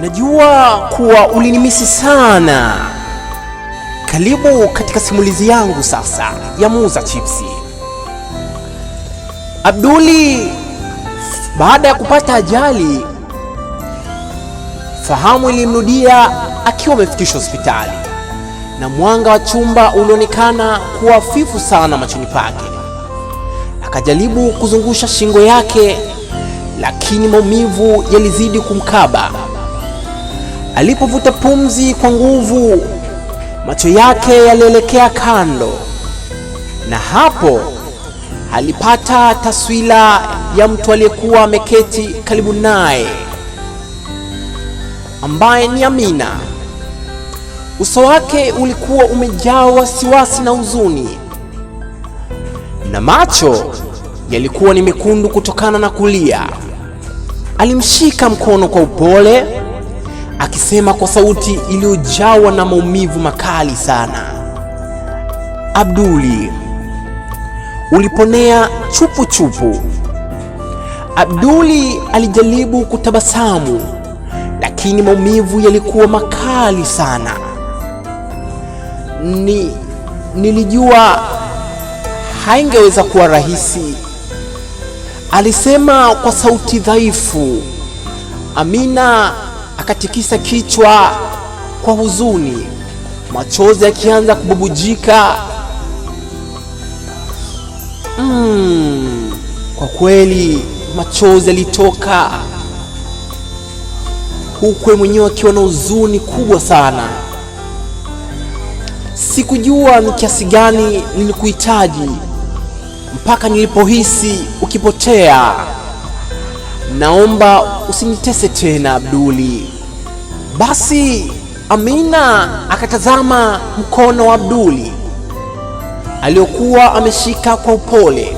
Najua kuwa ulinimisi sana. Karibu katika simulizi yangu sasa ya muuza chipsi. Abduli baada ya kupata ajali, fahamu ilimrudia akiwa amefikishwa hospitali, na mwanga wa chumba ulionekana kuwa hafifu sana machoni pake. Akajaribu kuzungusha shingo yake, lakini maumivu yalizidi kumkaba. Alipovuta pumzi kwa nguvu, macho yake yalielekea kando, na hapo alipata taswira ya mtu aliyekuwa ameketi karibu naye ambaye ni Amina. Uso wake ulikuwa umejaa wasiwasi na huzuni, na macho yalikuwa ni mekundu kutokana na kulia. Alimshika mkono kwa upole akisema kwa sauti iliyojawa na maumivu makali sana, Abduli, uliponea chupu chupu. Abduli alijaribu kutabasamu, lakini maumivu yalikuwa makali sana. Ni, nilijua haingeweza kuwa rahisi, alisema kwa sauti dhaifu. Amina akatikisa kichwa kwa huzuni, machozi akianza kububujika. Mm, kwa kweli machozi yalitoka, huku mwenyewe akiwa na huzuni kubwa sana. Sikujua ni kiasi gani nilikuhitaji mpaka nilipohisi ukipotea naomba usinitese tena Abduli. Basi Amina akatazama mkono wa Abduli aliyokuwa ameshika kwa upole,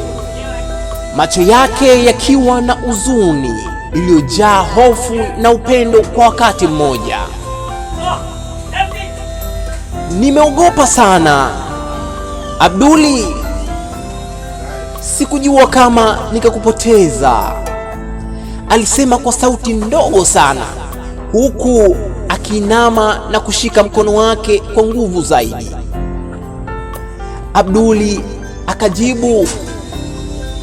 macho yake yakiwa na huzuni iliyojaa hofu na upendo kwa wakati mmoja. Nimeogopa sana Abduli, sikujua kama nikakupoteza alisema kwa sauti ndogo sana, huku akiinama na kushika mkono wake kwa nguvu zaidi. Abduli akajibu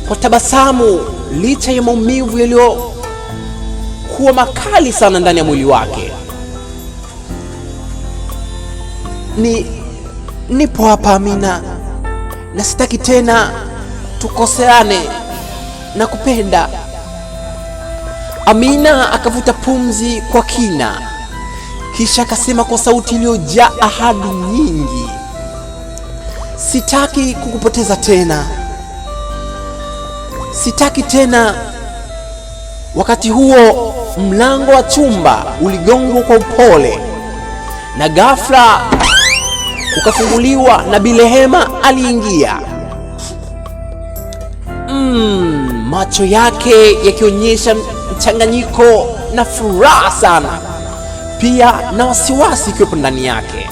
kwa tabasamu licha ya maumivu yaliyokuwa makali sana ndani ya mwili wake. Ni nipo hapa Amina, na sitaki tena tukoseane na kupenda Amina akavuta pumzi kwa kina, kisha akasema kwa sauti iliyojaa ahadi nyingi, sitaki kukupoteza tena, sitaki tena. Wakati huo mlango wa chumba uligongwa kwa upole na ghafla ukafunguliwa na Bilehema aliingia. Mm, macho yake yakionyesha mchanganyiko na furaha sana, pia na wasiwasi ikiwepo ndani yake.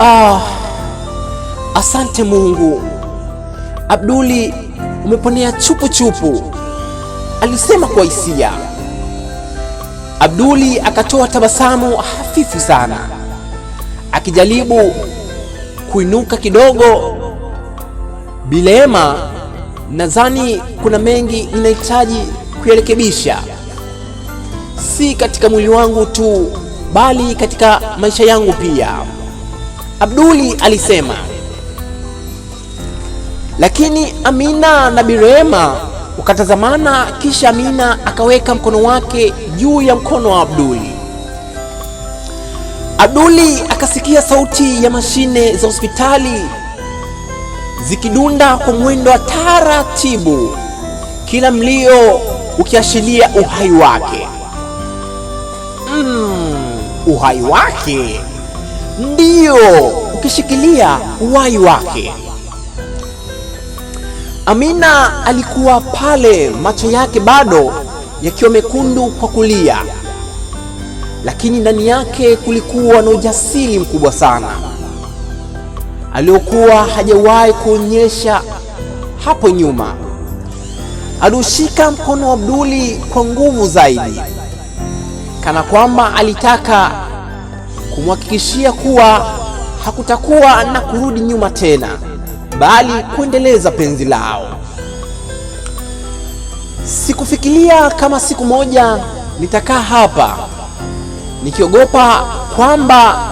Ah, asante Mungu, Abduli umeponea chupu chupu, alisema kwa hisia. Abduli akatoa tabasamu hafifu sana, akijaribu kuinuka kidogo. Bilema nadhani kuna mengi ninahitaji kuyarekebisha, si katika mwili wangu tu, bali katika maisha yangu pia, Abduli alisema. Lakini Amina na Birehema wakatazamana, kisha Amina akaweka mkono wake juu ya mkono wa Abduli. Abduli akasikia sauti ya mashine za hospitali zikidunda kwa mwendo wa taratibu, kila mlio ukiashiria uhai wake. Mm, uhai wake ndio ukishikilia uhai wake. Amina alikuwa pale, macho yake bado yakiwa mekundu kwa kulia, lakini ndani yake kulikuwa na ujasiri mkubwa sana aliyokuwa hajawahi kuonyesha hapo nyuma. Aliushika mkono wa Abduli kwa nguvu zaidi, kana kwamba alitaka kumhakikishia kuwa hakutakuwa na kurudi nyuma tena, bali kuendeleza penzi lao. Sikufikiria kama siku moja nitakaa hapa nikiogopa kwamba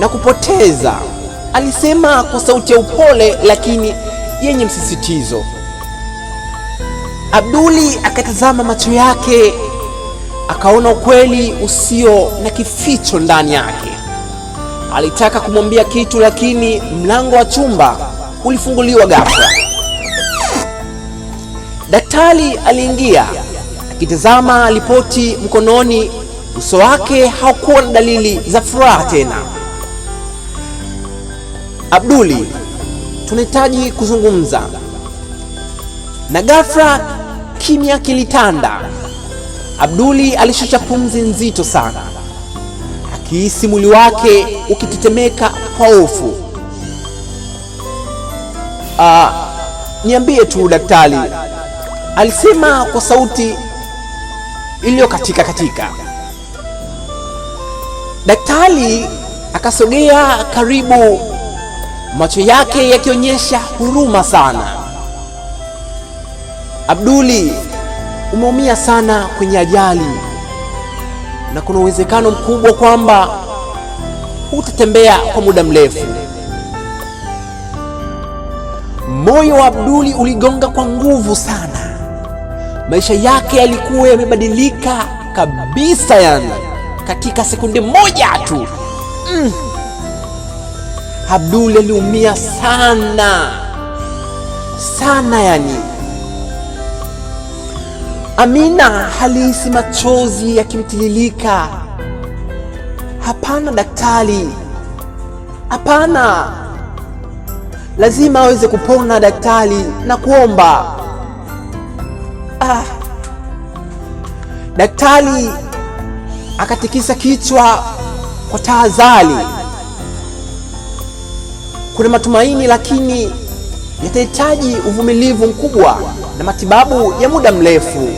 na kupoteza Alisema kwa sauti ya upole lakini yenye msisitizo. Abduli akatazama macho yake, akaona ukweli usio na kificho ndani yake. Alitaka kumwambia kitu, lakini mlango wa chumba ulifunguliwa ghafla. Daktari aliingia akitazama ripoti mkononi. Uso wake haukuwa na dalili za furaha tena. Abduli, tunahitaji kuzungumza. Na ghafla kimya kilitanda. Abduli alishusha pumzi nzito sana, akihisi mwili wake ukitetemeka kwa hofu. Ah, niambie tu daktari, alisema kwa sauti iliyokatika katika. Daktari akasogea karibu macho yake yakionyesha huruma sana. Abduli, umeumia sana kwenye ajali na kuna uwezekano mkubwa kwamba hutatembea kwa muda mrefu. Moyo wa Abduli uligonga kwa nguvu sana. Maisha yake yalikuwa yamebadilika kabisa, yani katika sekunde moja tu mm. Abdul aliumia sana sana, yani Amina halisi, machozi yakimtililika. Hapana daktari, hapana, lazima aweze kupona daktari, na kuomba ah. Daktari akatikisa kichwa kwa tahadhari kuna matumaini, lakini yatahitaji uvumilivu mkubwa na matibabu ya muda mrefu.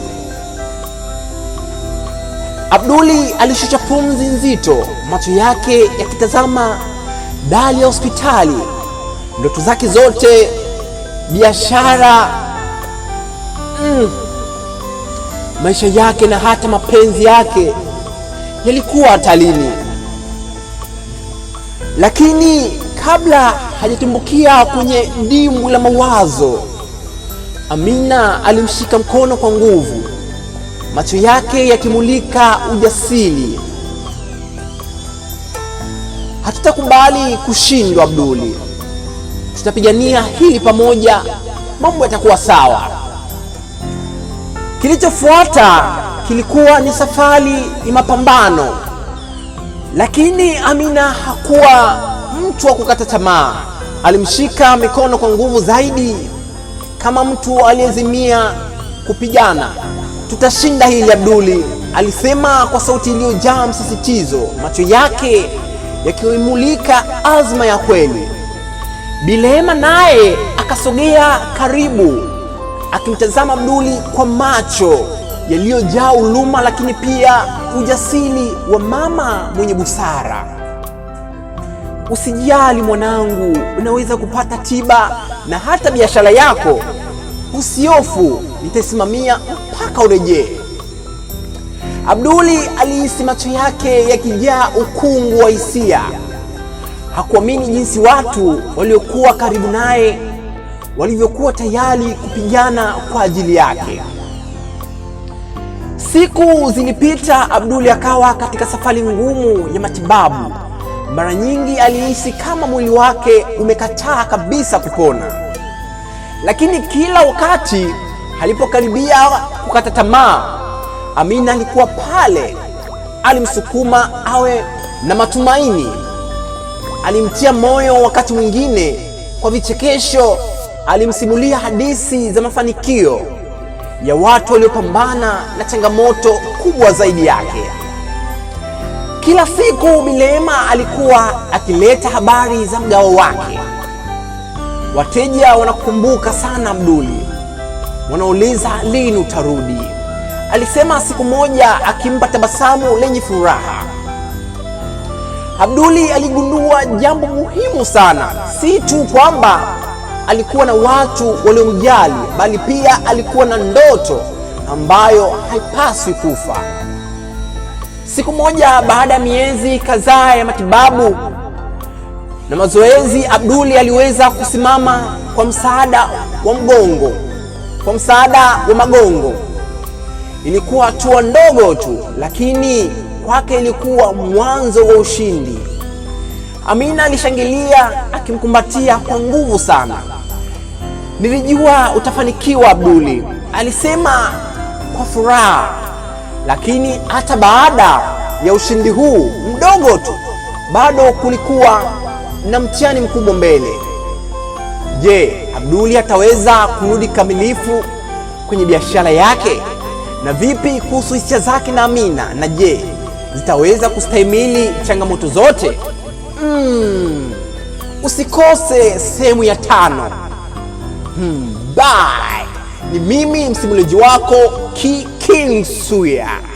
Abduli alishusha pumzi nzito, macho yake yakitazama dali ya hospitali. Ndoto zake zote, biashara, mm, maisha yake na hata mapenzi yake yalikuwa hatarini, lakini kabla hajatumbukia kwenye dimbu la mawazo, Amina alimshika mkono kwa nguvu, macho yake yakimulika ujasiri. Hatutakubali kushindwa, Abduli, tutapigania hili pamoja, mambo yatakuwa sawa. Kilichofuata kilikuwa ni safari ya mapambano, lakini Amina hakuwa mtu wa kukata tamaa, alimshika mikono kwa nguvu zaidi, kama mtu aliyezimia kupigana. Tutashinda hili, Abduli alisema kwa sauti iliyojaa msisitizo, macho yake yakimulika azma ya kweli. Bilema naye akasogea karibu, akimtazama Abduli kwa macho yaliyojaa uluma, lakini pia ujasiri wa mama mwenye busara. Usijali mwanangu, unaweza kupata tiba na hata biashara yako. Usiofu, nitasimamia mpaka urejee. Abduli alihisi macho yake yakijaa ukungu wa hisia. Hakuamini jinsi watu waliokuwa karibu naye walivyokuwa tayari kupigana kwa ajili yake. Siku zilipita, Abduli akawa katika safari ngumu ya matibabu. Mara nyingi alihisi kama mwili wake umekataa kabisa kupona, lakini kila wakati alipokaribia kukata tamaa, Amina alikuwa pale. Alimsukuma awe na matumaini, alimtia moyo, wakati mwingine kwa vichekesho, alimsimulia hadithi za mafanikio ya watu waliopambana na changamoto kubwa zaidi yake. Kila siku Milema alikuwa akileta habari za mgao wake. Wateja wanakumbuka sana Abduli, wanauliza lini utarudi. Alisema siku moja, akimpa tabasamu lenye furaha. Abduli aligundua jambo muhimu sana, si tu kwamba alikuwa na watu waliomjali, bali pia alikuwa na ndoto ambayo haipaswi kufa. Siku moja baada ya miezi kadhaa ya matibabu na mazoezi, Abduli aliweza kusimama kwa msaada wa mgongo, kwa msaada wa magongo. Ilikuwa hatua ndogo tu, lakini kwake ilikuwa mwanzo wa ushindi. Amina alishangilia akimkumbatia kwa nguvu sana. Nilijua utafanikiwa Abduli, alisema kwa furaha. Lakini hata baada ya ushindi huu mdogo tu, bado kulikuwa na mtihani mkubwa mbele. Je, Abduli ataweza kurudi kamilifu kwenye biashara yake? Na vipi kuhusu hisia zake na Amina? Na je, zitaweza kustahimili changamoto zote? Mm, usikose sehemu ya tano. Hmm, bye. Ni mimi msimulizi wako Ki King Suya.